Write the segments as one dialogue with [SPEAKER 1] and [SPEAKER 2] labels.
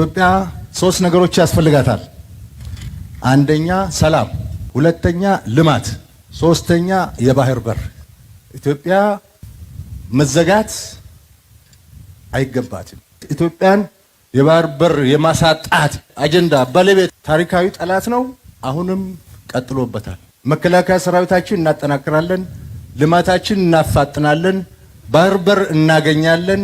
[SPEAKER 1] ኢትዮጵያ ሶስት ነገሮች ያስፈልጋታል። አንደኛ ሰላም፣ ሁለተኛ ልማት፣ ሶስተኛ የባህር በር። ኢትዮጵያ መዘጋት አይገባትም። ኢትዮጵያን የባህር በር የማሳጣት አጀንዳ ባለቤት ታሪካዊ ጠላት ነው። አሁንም ቀጥሎበታል። መከላከያ ሰራዊታችን እናጠናክራለን፣ ልማታችን እናፋጥናለን፣ ባህር በር እናገኛለን።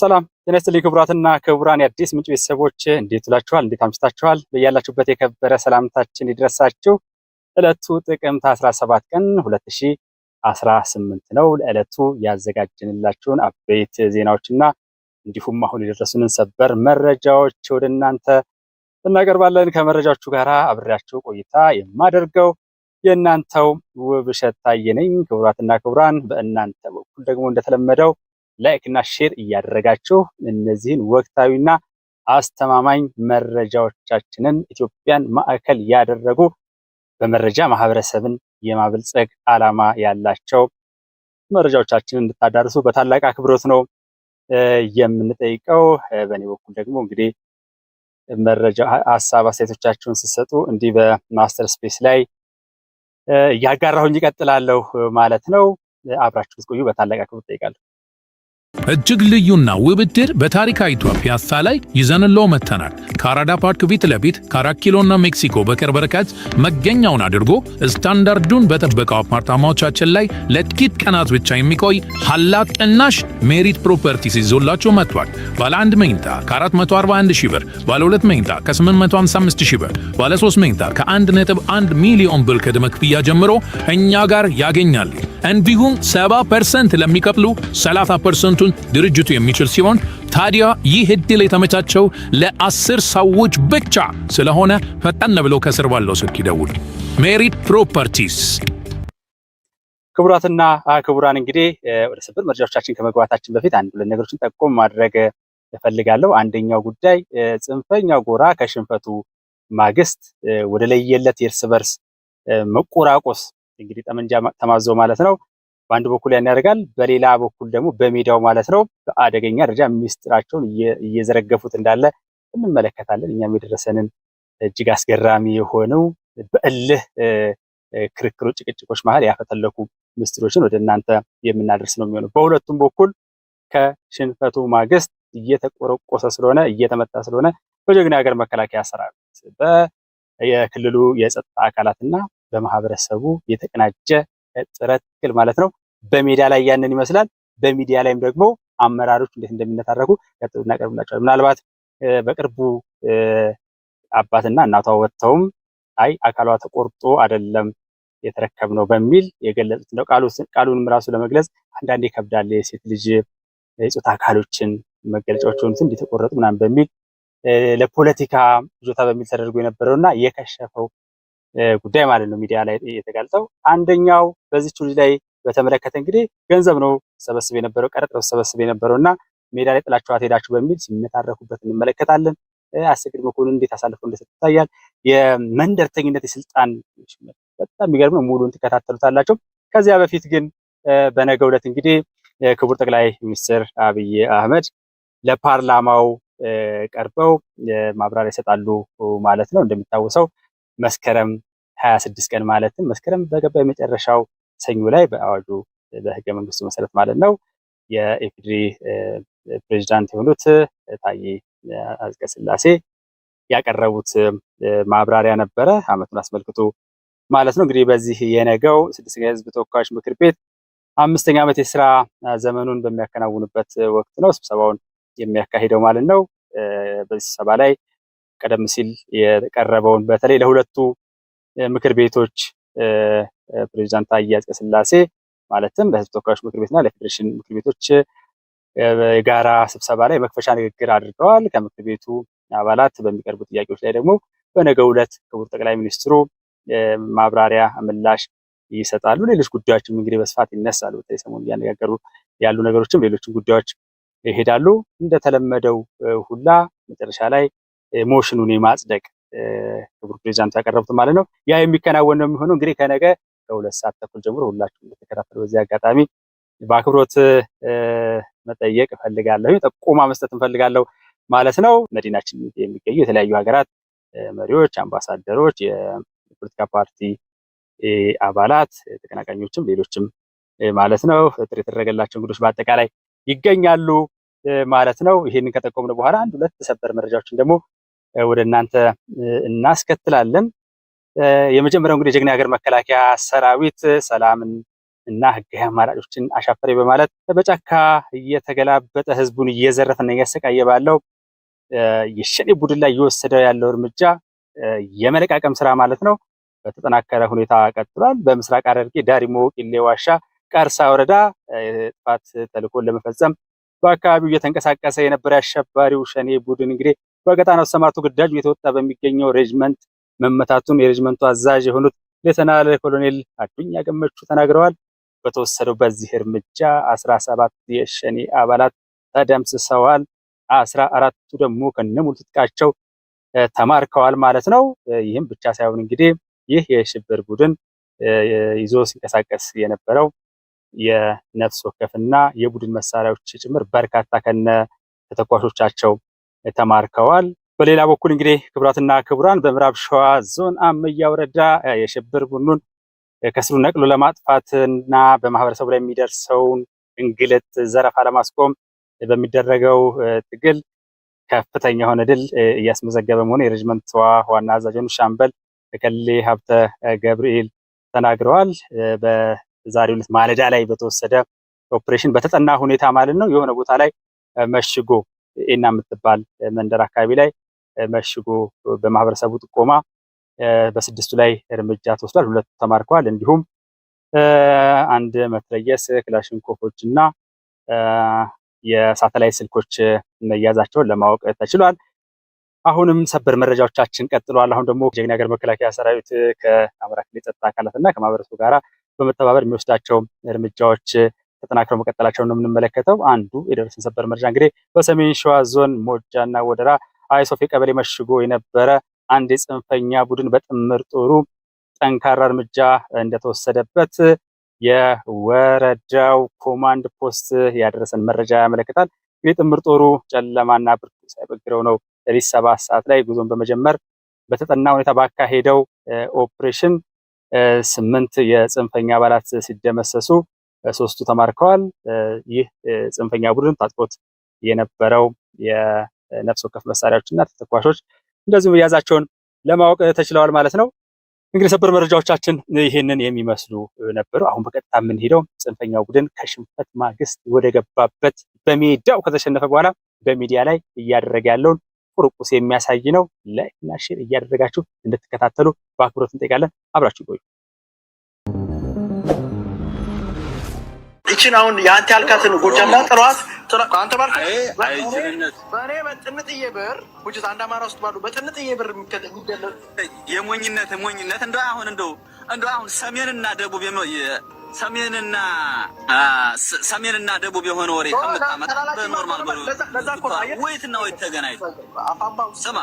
[SPEAKER 2] ሰላም ጤና ይስጥልኝ ክቡራትና ክቡራን የአዲስ ምንጭ ቤተሰቦች እንዴት ውላችኋል? እንዴት አምሽታችኋል? በያላችሁበት የከበረ ሰላምታችን ይድረሳችሁ። ዕለቱ ጥቅምት 17 ቀን 2018 ነው። ለዕለቱ ያዘጋጀንላችሁን አበይት ዜናዎችና እንዲሁም አሁን የደረሱንን ሰበር መረጃዎች ወደ እናንተ እናቀርባለን። ከመረጃዎቹ ጋር አብሬያችሁ ቆይታ የማደርገው የእናንተው ውብሸት ታየ ነኝ። ክቡራትና ክቡራን በእናንተ በኩል ደግሞ እንደተለመደው ላይክ እና ሼር እያደረጋችሁ እነዚህን ወቅታዊና አስተማማኝ መረጃዎቻችንን ኢትዮጵያን ማዕከል ያደረጉ በመረጃ ማህበረሰብን የማበልጸግ ዓላማ ያላቸው መረጃዎቻችንን እንድታዳርሱ በታላቅ አክብሮት ነው የምንጠይቀው። በእኔ በኩል ደግሞ እንግዲህ መረጃ፣ ሀሳብ አስተያየቶቻችሁን ስትሰጡ እንዲህ በማስተር ስፔስ ላይ እያጋራሁኝ ይቀጥላለሁ ማለት ነው። አብራችሁ ቆዩ። በታላቅ አክብሮት ጠይቃለሁ።
[SPEAKER 3] እጅግ ልዩና ውብ በታሪክ በታሪካዊቷ ፒያሳ ላይ ይዘንሎ መጥተናል። ከአራዳ ፓርክ ፊት ለፊት ከአራት ኪሎና ሜክሲኮ በቅርብ ርቀት መገኛውን አድርጎ ስታንዳርዱን በጠበቀው አፓርታማዎቻችን ላይ ለጥቂት ቀናት ብቻ የሚቆይ ሀላቅ ቅናሽ ሜሪት ፕሮፐርቲስ ይዞላችሁ መጥቷል። ባለ 1 መኝታ ከ441 ሺህ ብር፣ ባለ 2 መኝታ ከ855 ሺህ ብር፣ ባለ 3 መኝታ ከ1.1 ሚሊዮን ብር ቅድመ ክፍያ ጀምሮ እኛ ጋር ያገኛል። እንዲሁም 70% ፐርሰንት ለሚከፍሉ ፐርሰንቱን ድርጅቱ የሚችል ሲሆን ታዲያ ይህ እድል የተመቻቸው ለአስር ሰዎች ብቻ ስለሆነ ፈጠን ብሎ ከስር ባለው ስልክ ይደውል። ሜሪት ፕሮፐርቲስ።
[SPEAKER 2] ክቡራትና ክቡራን እንግዲህ ወደ ሰበር መረጃዎቻችን ከመግባታችን በፊት አንድ ሁለት ነገሮችን ጠቆም ማድረግ እፈልጋለሁ። አንደኛው ጉዳይ ጽንፈኛው ጎራ ከሽንፈቱ ማግስት ወደ ለየለት የእርስ በርስ መቆራቆስ እንግዲህ ጠመንጃ ተማዞ ማለት ነው። በአንድ በኩል ያን ያደርጋል፣ በሌላ በኩል ደግሞ በሜዳው ማለት ነው በአደገኛ ደረጃ ሚስጥራቸውን እየዘረገፉት እንዳለ እንመለከታለን። እኛም የደረሰንን እጅግ አስገራሚ የሆነው በእልህ ክርክሮ ጭቅጭቆች መሀል ያፈተለኩ ምስጢሮችን ወደ እናንተ የምናደርስ ነው የሚሆነው። በሁለቱም በኩል ከሽንፈቱ ማግስት እየተቆረቆሰ ስለሆነ እየተመታ ስለሆነ በጀግና ሀገር መከላከያ ሰራዊት በየክልሉ የጸጥታ አካላት በማህበረሰቡ የተቀናጀ ጥረት ትክክል ማለት ነው። በሜዳ ላይ ያንን ይመስላል። በሚዲያ ላይም ደግሞ አመራሮች እንዴት እንደሚነታረኩ ቀጥሎ እናቀርብላቸዋል። ምናልባት በቅርቡ አባትና እናቷ ወጥተውም አይ አካሏ ተቆርጦ አይደለም የተረከብ ነው በሚል የገለጹት ነው። ቃሉንም ራሱ ለመግለጽ አንዳንዴ ይከብዳል። የሴት ልጅ የጾታ አካሎችን መገለጫዎች ሆኑት እንዲተቆረጡ ምናምን በሚል ለፖለቲካ ይዞታ በሚል ተደርጎ የነበረውና የከሸፈው ጉዳይ ማለት ነው ሚዲያ ላይ የተጋለጠው። አንደኛው በዚች ልጅ ላይ በተመለከተ እንግዲህ ገንዘብ ነው ሰበስብ የነበረው ቀረጥ ነው ሰበስብ የነበረው እና ሜዳ ላይ ጥላችኋት ሄዳችሁ በሚል ሲመታረኩበት እንመለከታለን። አሰግድ መኮንን እንዴት አሳልፎ እንደሰጥ ይታያል። የመንደርተኝነት የስልጣን በጣም የሚገርም ነው። ሙሉን ትከታተሉታላችሁ። ከዚያ በፊት ግን በነገ ዕለት እንግዲህ ክቡር ጠቅላይ ሚኒስትር አብይ አህመድ ለፓርላማው ቀርበው ማብራሪያ ይሰጣሉ ማለት ነው። እንደሚታወሰው መስከረም 26 ስድስት ቀን ማለትም መስከረም በገባ የመጨረሻው ሰኞ ላይ በአዋጁ በህገ መንግስቱ መሰረት ማለት ነው የኢፌዴሪ ፕሬዚዳንት የሆኑት ታዬ አጽቀሥላሴ ያቀረቡት ማብራሪያ ነበረ አመቱን አስመልክቶ ማለት ነው። እንግዲህ በዚህ የነገው ስድስተኛ የህዝብ ተወካዮች ምክር ቤት አምስተኛ ዓመት የስራ ዘመኑን በሚያከናውንበት ወቅት ነው ስብሰባውን የሚያካሂደው ማለት ነው። በዚህ ስብሰባ ላይ ቀደም ሲል የቀረበውን በተለይ ለሁለቱ ምክር ቤቶች ፕሬዚዳንት ታዬ አጽቀሥላሴ ማለትም ለህዝብ ተወካዮች ምክር ቤትና ለፌዴሬሽን ምክር ቤቶች የጋራ ስብሰባ ላይ መክፈቻ ንግግር አድርገዋል። ከምክር ቤቱ አባላት በሚቀርቡ ጥያቄዎች ላይ ደግሞ በነገው ዕለት ክቡር ጠቅላይ ሚኒስትሩ ማብራሪያ ምላሽ ይሰጣሉ። ሌሎች ጉዳዮችም እንግዲህ በስፋት ይነሳሉ። በተለይ ሰሞኑ እያነጋገሩ ያሉ ነገሮችም ሌሎችም ጉዳዮች ይሄዳሉ። እንደተለመደው ሁላ መጨረሻ ላይ ሞሽኑን የማጽደቅ ክቡር ፕሬዚዳንቱ ያቀረቡት ማለት ነው። ያ የሚከናወን ነው የሚሆነው እንግዲህ ከነገ ከሁለት ሰዓት ተኩል ጀምሮ ሁላችሁም እንደተከታተሉ በዚህ አጋጣሚ በአክብሮት መጠየቅ እፈልጋለሁ፣ ጠቁማ መስጠት እንፈልጋለሁ ማለት ነው። መዲናችን የሚገኙ የተለያዩ ሀገራት መሪዎች፣ አምባሳደሮች፣ የፖለቲካ ፓርቲ አባላት፣ ተቀናቃኞችም ሌሎችም ማለት ነው ጥሪ የተደረገላቸው እንግዶች በአጠቃላይ ይገኛሉ ማለት ነው። ይህንን ከጠቆምን በኋላ አንድ ሁለት ሰበር መረጃዎችን ደግሞ ወደ እናንተ እናስከትላለን። የመጀመሪያው እንግዲህ የጀግና ሀገር መከላከያ ሰራዊት ሰላምን እና ህጋዊ አማራጮችን አሻፈሬ በማለት በጫካ እየተገላበጠ ህዝቡን እየዘረፈና እያሰቃየ ባለው የሸኔ ቡድን ላይ እየወሰደው ያለው እርምጃ የመለቃቀም ስራ ማለት ነው በተጠናከረ ሁኔታ ቀጥሏል። በምስራቅ ሐረርጌ ዳሪሞ ቂሌ ዋሻ ቀርሳ ወረዳ ጥፋት ተልእኮን ለመፈጸም በአካባቢው እየተንቀሳቀሰ የነበረ አሸባሪው ሸኔ ቡድን እንግዲህ በቀጣና ሰማርቱ ግዳጅ እየተወጣ በሚገኘው ሬጅመንት መመታቱን የሬጅመንቱ አዛዥ የሆኑት ሌተናል ኮሎኔል አዱኛ ገመቹ ተናግረዋል። በተወሰደው በዚህ እርምጃ አስራ ሰባት የሸኔ አባላት ተደምስሰዋል። አስራ አራቱ ደግሞ ከነሙሉ ትጥቃቸው ተማርከዋል ማለት ነው። ይህም ብቻ ሳይሆን እንግዲህ ይህ የሽብር ቡድን ይዞ ሲንቀሳቀስ የነበረው የነፍስ ወከፍና የቡድን መሳሪያዎች ጭምር በርካታ ከነ ተተኳሾቻቸው ተማርከዋል። በሌላ በኩል እንግዲህ ክቡራትና ክቡራን በምዕራብ ሸዋ ዞን አመያ ወረዳ የሽብር ቡድኑን ከስሩ ነቅሎ ለማጥፋትና በማህበረሰቡ ላይ የሚደርሰውን እንግልት፣ ዘረፋ ለማስቆም በሚደረገው ትግል ከፍተኛ የሆነ ድል እያስመዘገበ መሆኑ የሬጅመንቷ ዋና አዛዥ ሻምበል ከሌ ሀብተ ገብርኤል ተናግረዋል። በዛሬው ዕለት ማለዳ ላይ በተወሰደ ኦፕሬሽን በተጠና ሁኔታ ማለት ነው የሆነ ቦታ ላይ መሽጎ ኤና የምትባል መንደር አካባቢ ላይ መሽጎ በማህበረሰቡ ጥቆማ በስድስቱ ላይ እርምጃ ተወስዷል። ሁለቱ ተማርከዋል። እንዲሁም አንድ መትረየስ፣ ክላሽንኮፎች እና የሳተላይት ስልኮች መያዛቸውን ለማወቅ ተችሏል። አሁንም ሰበር መረጃዎቻችን ቀጥሏል አሁን ደግሞ ጀግና ሀገር መከላከያ ሰራዊት ከአማራ ክልል ጸጥታ አካላት እና ከማህበረሰቡ ጋራ በመተባበር የሚወስዳቸው እርምጃዎች ተጠናክረው መቀጠላቸውን ነው የምንመለከተው። አንዱ የደረሰን ሰበር መረጃ እንግዲህ በሰሜን ሸዋ ዞን ሞጃና ወደራ አይሶፌ ቀበሌ መሽጎ የነበረ አንድ የጽንፈኛ ቡድን በጥምር ጦሩ ጠንካራ እርምጃ እንደተወሰደበት የወረዳው ኮማንድ ፖስት ያደረሰን መረጃ ያመለክታል። እንግዲህ ጥምር ጦሩ ጨለማና ብርቱ ሳይበግረው ነው ሌሊት ሰባት ሰዓት ላይ ጉዞን በመጀመር በተጠና ሁኔታ ባካሄደው ኦፕሬሽን ስምንት የጽንፈኛ አባላት ሲደመሰሱ ሶስቱ ተማርከዋል። ይህ ጽንፈኛ ቡድን ታጥቆት የነበረው የነፍስ ወከፍ መሳሪያዎች እና ተተኳሾች እንደዚሁ መያዛቸውን ለማወቅ ተችለዋል ማለት ነው። እንግዲህ ሰበር መረጃዎቻችን ይህንን የሚመስሉ ነበሩ። አሁን በቀጥታ የምንሄደው ጽንፈኛው ቡድን ከሽንፈት ማግስት ወደ ገባበት በሜዳው ከተሸነፈ በኋላ በሚዲያ ላይ እያደረገ ያለውን ቁርቁስ የሚያሳይ ነው። ላይክ እና ሼር እያደረጋችሁ እንድትከታተሉ በአክብሮት እንጠይቃለን። አብራችሁ ቆዩ።
[SPEAKER 4] እችን አሁን የአንተ ያልካትን ጎጃም ጥሯት አንተ ባልክ በጥንጥዬ ብር ውጭ አንድ አማራ ውስጥ ባሉ በጥንጥዬ ብር የሞኝነት ሞኝነት እንደ አሁን እንደው እንደው አሁን ሰሜንና ደቡብ ሰሜንና ሰሜንና ደቡብ የሆነ ወሬ ከምታመጣ በኖርማል ወይትና ወይት ተገናኝ። ስማ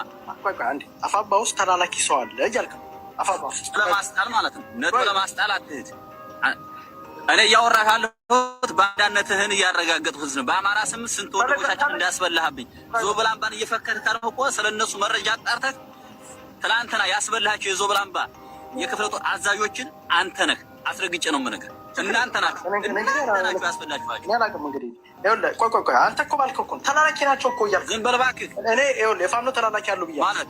[SPEAKER 5] አፋባ ውስጥ ተላላኪ ሰው አለ እያልክ
[SPEAKER 4] ለማስጣል ማለት ነው። ለማስጣል እኔ እያወራህ ያለሁት ባንዳነትህን እያረጋገጥኩት ነው። በአማራ ስም ስንት ወንድሞቻችን እንዳስበላህብኝ ዞብል አምባን እየፈከርህ ካልሆነ እኮ ስለ እነሱ መረጃ አጣርተህ ትላንትና ያስበላሃቸው የዞብል አምባ የክፍለ ጦር አዛዦችን አንተ ነህ። አስረግጬ ነው የምነግርህ። እናንተ ናችሁ እናንተ ያስበላችኋቸው።
[SPEAKER 5] አንተ እኮ ባልከው ተላላኪ ናቸው እኮ እያልኩ ዝም በል እባክህ። እኔ ይኸውልህ የፋኖ ተላላኪ
[SPEAKER 4] አሉ ብያለሁ ማለት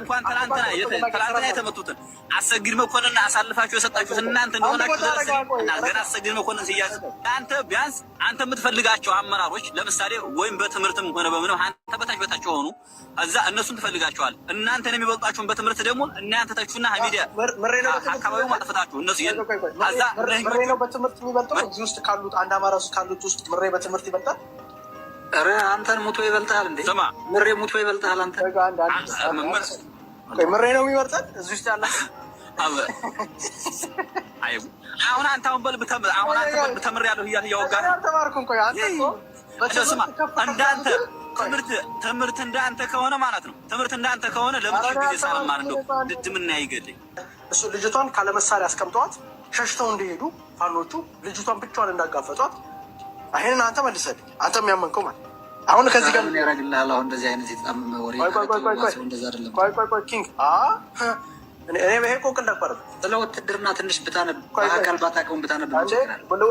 [SPEAKER 4] እንኳን ትላንትና የተመቱትን አሰግድ መኮንን አሳልፋችሁ የሰጣችሁት እናንተ እንደሆናችሁ ገና አሰግድ መኮንን ሲያዝ አንተ ቢያንስ አንተ የምትፈልጋቸው አመራሮች ለምሳሌ ወይም በትምህርትም ሆነ በምንም አንተ በታች በታች ሆኑ እዛ እነሱን ትፈልጋቸዋል። እናንተን የሚበልጧችሁን በትምህርት ደግሞ እናንተ ታችሁና ሀሚዲያ አካባቢው ማጥፈታችሁ እነሱ እዛ
[SPEAKER 5] ምሬ ነው በትምህርት የሚበልጠው እዚህ ውስጥ ካሉት አንድ አማራ ውስጥ ካሉት ውስጥ ምሬ በትምህርት ይበልጣል።
[SPEAKER 4] ኧረ አንተን ሙቶ ይበልጥሃል እንዴ?
[SPEAKER 5] ምሬ ሙቶ ይበልጥሃል። አንተ ምሬ ነው የሚበልጠን እዚህ ውስጥ ያለ
[SPEAKER 4] አሁን አንተ አሁን በልብ ተምር ያለሁ እያለ እያወጋ እንዳንተ ትምህርት ትምህርት እንዳንተ ከሆነ ማለት ነው። ትምህርት እንዳንተ ከሆነ ለምን ጊዜ ሳለማን እንደው ድድምና ይገልኝ
[SPEAKER 5] እሱ ልጅቷን ካለመሳሪያ አስቀምጠዋት ሸሽተው እንዲሄዱ ፋኖቹ ልጅቷን ብቻዋን እንዳጋፈጧት ይሄንን አንተ መልሰልኝ። አንተ የሚያመንከው ማለት አሁን ከዚህ ጋር ምን ያደርግልሃል? አሁን እንደዚህ አይነት የተጣመመ ወሬ እንደዛ
[SPEAKER 4] አይደለም። እኔ ይሄ እኮ ቅል ነበር ስለ ውትድርና ትንሽ ብታነብ አካል ባታውቀውም ብታነብ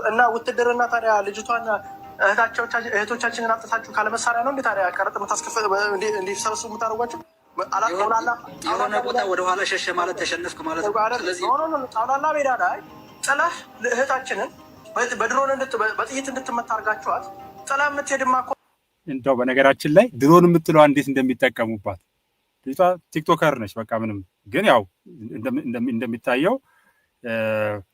[SPEAKER 5] እና ውትድርና ታዲያ ልጅቷን እህቶቻችንን አጥታችሁ ካለመሳሪያ ነው እንዴ ታዲያ ቀረጥ እንዲሰበስቡ የምታደርጓቸው?
[SPEAKER 4] የሆነ ቦታ ወደኋላ ሸሸ ማለት ተሸነፍክ ማለት
[SPEAKER 5] ነው። ስለዚህ ጣውላላ ሜዳ ላይ ጥለህ እህታችንን በድሮን በጥይት እንድትመታ አድርጋችኋት ጥላ የምትሄድማ እኮ
[SPEAKER 1] እንደው በነገራችን ላይ ድሮን የምትለዋ እንዴት እንደሚጠቀሙባት ልጅቷ ቲክቶከር ነች። በቃ ምንም ግን ያው እንደሚታየው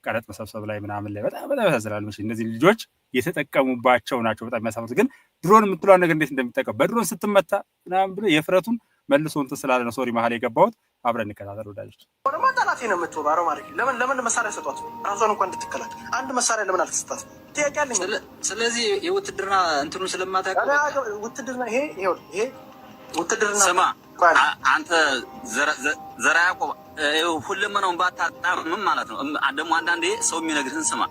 [SPEAKER 1] ቀረጥ መሰብሰብ ላይ ምናምን ላይ በጣም በጣም ያሳዝናል። መቼ እነዚህ ልጆች የተጠቀሙባቸው ናቸው። በጣም የሚያሳፍሩት ግን ድሮን የምትለዋ ነገር እንዴት እንደሚጠቀሙ በድሮን ስትመታ ምናምን ብሎ የፍረቱን መልሶ እንትን ስላለ ነው ሶሪ መሀል የገባሁት። አብረን እንከታተል ወዳጆች።
[SPEAKER 5] ጠላቴ ነው የምትባረው ማለት ነው። ለምን ለምን መሳሪያ ሰጧት? ራሷን እንኳን እንድትከላከል አንድ መሳሪያ ለምን አልተሰጣት ጥያቄ አለኝ።
[SPEAKER 4] ስለዚህ የውትድርና እንትኑ ስለማታውቅ
[SPEAKER 5] ውትድርና ይሄ ይሄ
[SPEAKER 4] ውትድርና ስማ አንተ ዘራ ያቆብ ነው ባታጣምም ማለት ነው። ደግሞ አንዳንዴ ሰው የሚነግርህን ስማ።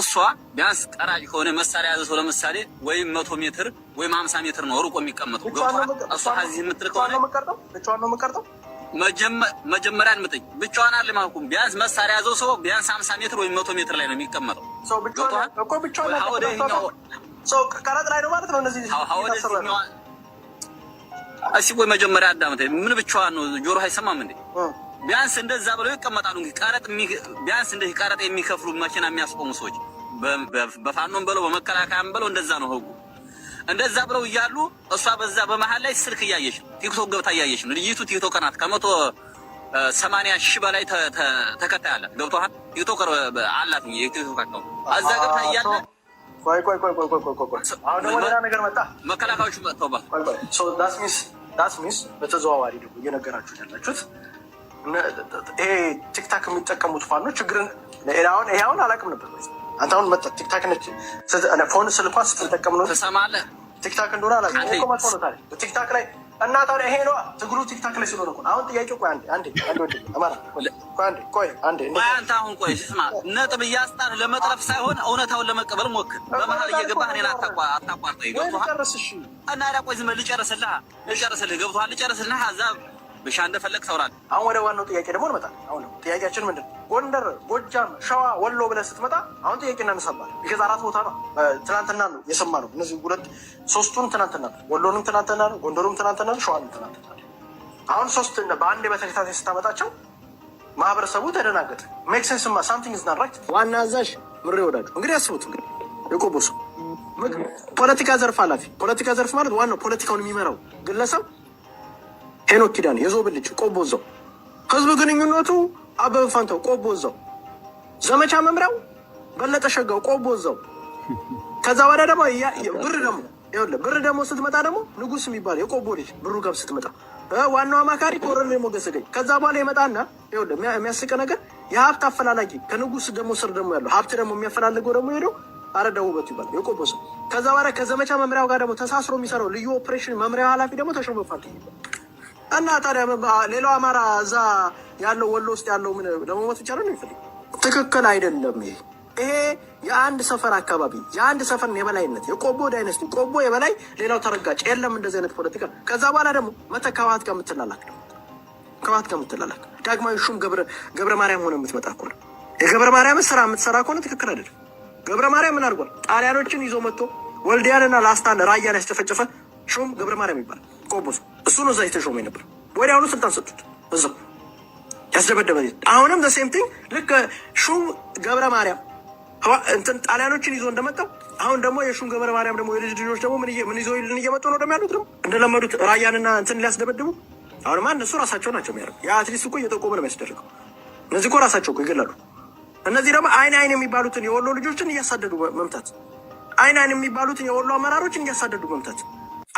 [SPEAKER 4] እሷ ቢያንስ ቀራጭ ከሆነ መሳሪያ ያዘ ሰው ለምሳሌ ወይም መቶ ሜትር ወይም ሀምሳ ሜትር ነው ሩቆ የሚቀመጠው። ገብቷል። እሷ ከዚህ የምትል
[SPEAKER 5] ከሆነ ብቻዋን ነው የምትቀርጠው
[SPEAKER 4] መጀመሪያ አድምጠኝ። ብቻዋን አለ አልማኩም። ቢያንስ መሳሪያ ያዘው ሰው ቢያንስ ሀምሳ ሜትር ወይም መቶ ሜትር ላይ ነው የሚቀመጠው።
[SPEAKER 5] ቀረጥ ላይ ነው ማለት ነው።
[SPEAKER 4] እነዚህ መጀመሪያ አዳምጠኝ። ምን ብቻዋን ነው? ጆሮ አይሰማም እንዴ? ቢያንስ እንደዛ ብለው ይቀመጣሉ። እንግዲህ ቀረጥ ቢያንስ እንደዚህ ቀረጥ የሚከፍሉ መኪና የሚያስቆሙ ሰዎች በፋኖም በለው በመከላከያም በለው እንደዛ ነው ህጉ እንደዛ ብለው እያሉ እሷ በዛ በመሀል ላይ ስልክ እያየች ነው፣ ቲክቶክ ገብታ እያየች ነው። ልጅቱ ቲክቶክ ናት። ከመቶ ሰማንያ ሺህ በላይ ተከታይ አላት። ገብቶሃል? ቲክቶክ አላት። ቲክቶክ አካውንት እዛ ገብታ እያለ
[SPEAKER 5] ቆይ ቆይ ቆይ ቆይ ቆይ ቆይ ቆይ፣ አሁን ደግሞ ነገር መጣ።
[SPEAKER 4] መከላከያዎቹ መጥተውባት ሶ ዳስ ሚስ ዳስ ሚስ በተዘዋዋሪ ደግሞ እየነገራችሁ ያላችሁት ይሄ ቲክታክ የሚጠቀሙት ፋኖች ችግርን አሁን ይሄ አሁን አላውቅም ነበር አንተ አሁን መጣ ቲክታክ ነች ፎን ስልኳ ስትጠቀም ነው ትሰማለህ። ቲክታክ እንደሆነ አላ አላውቅም። ቲክታክ ላይ እና ታዲያ ይሄ ነዋ ትግሉ ቲክታክ ላይ ስለሆነ አሁን ጥያቄ ቆይ አንዴ አንዴ አንዴ ቆይ ቆይ አንዴ
[SPEAKER 5] አንተ አሁን ቆይ ስማ፣ ነጥብ እያስጣል ለመጥረፍ ሳይሆን እውነታውን ለመቀበል ሞክር። በመሀል እየገባህ እኔን አታቋርጠኝ። ገብቶሃል እና ቆይ ዝም ልጨርስልህ ልጨርስልህ ገብቶሃል ልጨርስልህ ሀዛብ ብሻ እንደፈለግ ሰውራል።
[SPEAKER 4] አሁን ወደ ዋናው ጥያቄ ደግሞ እንመጣል። አሁን ጥያቄያችን ምንድን ጎንደር፣ ጎጃም፣ ሸዋ፣ ወሎ ብለህ ስትመጣ አሁን ጥያቄ እናነሳባል። ቢከዛ አራት ቦታ ነው ትናንትና ነው የሰማ ነው። እነዚህ ሁለት ሶስቱን ትናንትና ነው፣ ወሎንም ትናንትና ነው፣ ጎንደሩም ትናንትና ነው፣ ሸዋንም ትናንትና ነው። አሁን ሶስት በአንድ በተከታታይ ስታመጣቸው ማህበረሰቡ ተደናገጠ። ሜክሰንስ ማ ሳምቲንግ ዝና ራይት ዋና አዛዥ ምሬ ወዳጁ እንግዲህ ያስቡት እንግዲህ የቆቦሱ ፖለቲካ ዘርፍ ኃላፊ ፖለቲካ ዘርፍ ማለት ዋናው ፖለቲካውን የሚመራው ግለሰብ ሄኖክ ኪዳን የዞብ ልጅ ቆቦ እዛው፣ ህዝብ ግንኙነቱ አበበ ፋንታው ቆቦ እዛው፣ ዘመቻ መምሪያው በለጠ ሸጋው ቆቦ እዛው። ከዛ ወደ ደግሞ ብር ደግሞ ብር ደግሞ ስትመጣ ደግሞ ንጉስ የሚባል የቆቦ ልጅ ብሩ ጋር ስትመጣ ዋናው አማካሪ ኮሎኔል ሞገስ ገኝ። ከዛ በኋላ ይመጣና የሚያስቀ ነገር የሀብት አፈላላጊ ከንጉስ ደግሞ ስር ደግሞ ያለው ሀብት ደግሞ የሚያፈላልገው ደግሞ ሄደው አረዳ ውበቱ ይባላል የቆቦ ሰው። ከዛ በኋላ ከዘመቻ መምሪያው ጋር ደግሞ ተሳስሮ የሚሰራው ልዩ ኦፕሬሽን መምሪያው ኃላፊ ደግሞ ተሾመ ይባላል። እና ታዲያ ሌላው አማራ እዛ ያለው ወሎ ውስጥ ያለው ምን ለመሞት ብቻ ነው የሚፈልግ? ትክክል አይደለም። ይሄ ይሄ የአንድ ሰፈር አካባቢ የአንድ ሰፈር የበላይነት የቆቦ ዳይነስቲ ቆቦ የበላይ ሌላው ተረጋጭ የለም። እንደዚህ አይነት ፖለቲካ ከዛ በኋላ ደግሞ መተህ ከህወሓት ጋር የምትላላክ ከህወሓት ጋር የምትላላክ ዳግማዊ ሹም ገብረ ማርያም ሆነ የምትመጣ ከሆነ የገብረ ማርያምን ስራ የምትሰራ ከሆነ ትክክል አይደለም። ገብረ ማርያም ምን አድርጓል? ጣሊያኖችን ይዞ መጥቶ ወልዲያንና ላስታን ራያን ያስጨፈጨፈ ሹም ገብረ ማርያም ይባላል ቆቦ ሰው እሱ ነው እዛ የተሾመ ነበር። ወዲያውኑ ስልጣን ሰጡት። እዛው ያስደበደበ አሁንም ሴም ቲንግ ልክ ሹም ገብረ ማርያም እንትን ጣሊያኖችን ይዞ እንደመጣው አሁን ደግሞ የሹም ገብረ ማርያም ደግሞ የልጅ ልጆች ደግሞ ምን ይዞ ልን እየመጡ ነው እንደሚያሉት ደግሞ እንደለመዱት ራያንና እንትን ሊያስደበድቡ አሁንማ እነሱ ራሳቸው ናቸው የሚያደርጉ የአትሊስት እኮ እየጠቆመ ነው የሚያስደርገው። እነዚህ እኮ ራሳቸው እኮ ይገላሉ። እነዚህ ደግሞ አይን አይን የሚባሉትን የወሎ ልጆችን እያሳደዱ መምታት፣ አይን አይን የሚባሉትን የወሎ አመራሮችን እያሳደዱ መምታት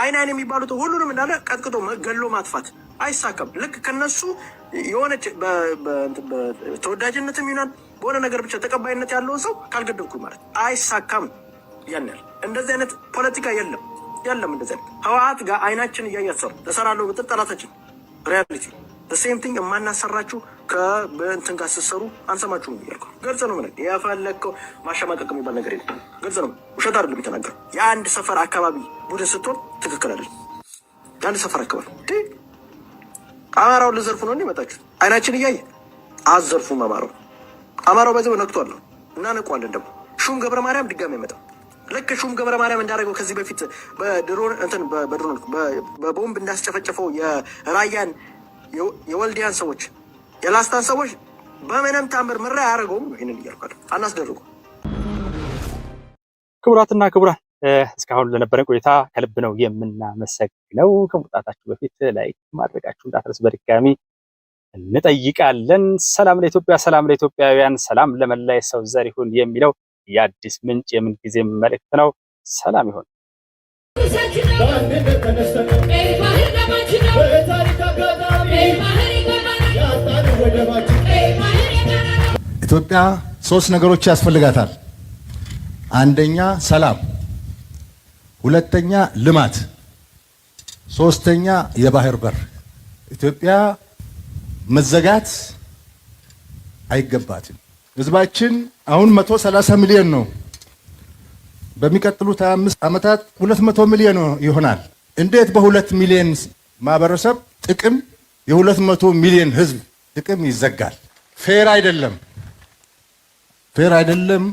[SPEAKER 4] አይን አይን የሚባሉት ሁሉንም እንዳለ ቀጥቅጦ ገሎ ማጥፋት አይሳካም። ልክ ከነሱ የሆነች ተወዳጅነትም ይሆናል በሆነ ነገር ብቻ ተቀባይነት ያለውን ሰው ካልገደልኩ ማለት አይሳካም። ያንል እንደዚህ አይነት ፖለቲካ የለም የለም። እንደዚህ አይነት ህወሓት ጋር አይናችን እያያሰሩ ተሰራለሁ ብትል ጠላታችን ሪያሊቲ ሴም ቲንግ የማናሰራችሁ ከበእንትን ጋር ስትሰሩ አልሰማችሁም እያልኩ ገልጽ ነው። ምን ያፋለከው ማሸማቀቅ የሚባል ነገር የለም። ገልጽ ነው። ውሸት አይደለም የተናገረው። የአንድ ሰፈር አካባቢ ቡድን ስትሆን ትክክል አይደለም። የአንድ ሰፈር አካባቢ አማራውን ልዘርፉ ነው እንዲመጣችሁ አይናችን እያየ አዘርፉም። አማራው አማራው በዚህ ነክቶ አለሁ እናነቋለን። ደግሞ ሹም ገብረ ማርያም ድጋሚ ይመጣ ልክ ሹም ገብረ ማርያም እንዳደረገው ከዚህ በፊት በድሮን እንትን በድሮን በቦምብ እንዳስጨፈጨፈው የራያን የወልዲያን ሰዎች የላስታ ሰዎች በምንም ታምር ምራ ያደረገውም ይህንን እያልኳል አናስደርጉ። ክቡራትና ክቡራን እስካሁን ለነበረን ቆይታ ከልብ ነው የምናመሰግነው። ከመውጣታችሁ በፊት ላይክ ማድረጋችሁ እንዳትረስ በድጋሚ እንጠይቃለን። ሰላም ለኢትዮጵያ፣ ሰላም ለኢትዮጵያውያን፣ ሰላም ለመላይ ሰው ዘር ይሁን የሚለው የአዲስ ምንጭ የምንጊዜ መልእክት ነው። ሰላም ይሁን። ኢትዮጵያ ሶስት ነገሮች ያስፈልጋታል። አንደኛ ሰላም፣ ሁለተኛ ልማት፣ ሶስተኛ የባህር በር። ኢትዮጵያ መዘጋት አይገባትም። ህዝባችን አሁን 130 ሚሊዮን ነው። በሚቀጥሉት 25 ዓመታት 200 ሚሊዮን ይሆናል። እንዴት በሁለት ሚሊዮን ማህበረሰብ ጥቅም የ200 ሚሊዮን ህዝብ ጥቅም ይዘጋል። ፌር አይደለም፣ ፌር አይደለም።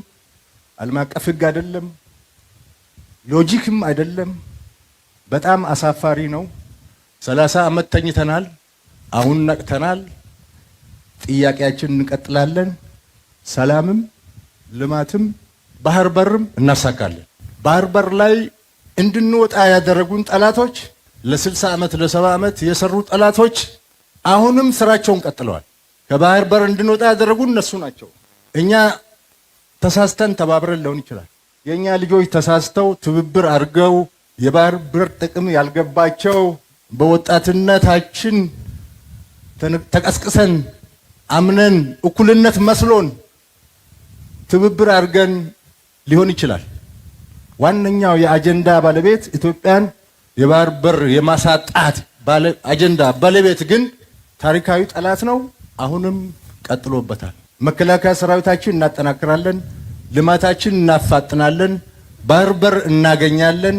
[SPEAKER 4] ዓለም አቀፍ ሕግ አይደለም፣ ሎጂክም አይደለም። በጣም አሳፋሪ ነው። ሰላሳ ዓመት ተኝተናል። አሁን ነቅተናል። ጥያቄያችን እንቀጥላለን። ሰላምም ልማትም ባህር በርም እናሳካለን። ባህር በር ላይ እንድንወጣ ያደረጉን ጠላቶች ለስልሳ ዓመት ለሰባ ዓመት የሰሩ ጠላቶች አሁንም ስራቸውን ቀጥለዋል። ከባህር በር እንድንወጣ ያደረጉ እነሱ ናቸው። እኛ ተሳስተን ተባብረን ሊሆን ይችላል። የእኛ ልጆች ተሳስተው ትብብር አድርገው የባህር በር ጥቅም ያልገባቸው በወጣትነታችን ተቀስቅሰን አምነን እኩልነት መስሎን ትብብር አድርገን ሊሆን ይችላል። ዋነኛው የአጀንዳ ባለቤት ኢትዮጵያን የባህር በር የማሳጣት አጀንዳ ባለቤት ግን ታሪካዊ ጠላት ነው። አሁንም ቀጥሎበታል። መከላከያ ሰራዊታችን እናጠናክራለን፣ ልማታችን እናፋጥናለን፣ ባህር በር እናገኛለን።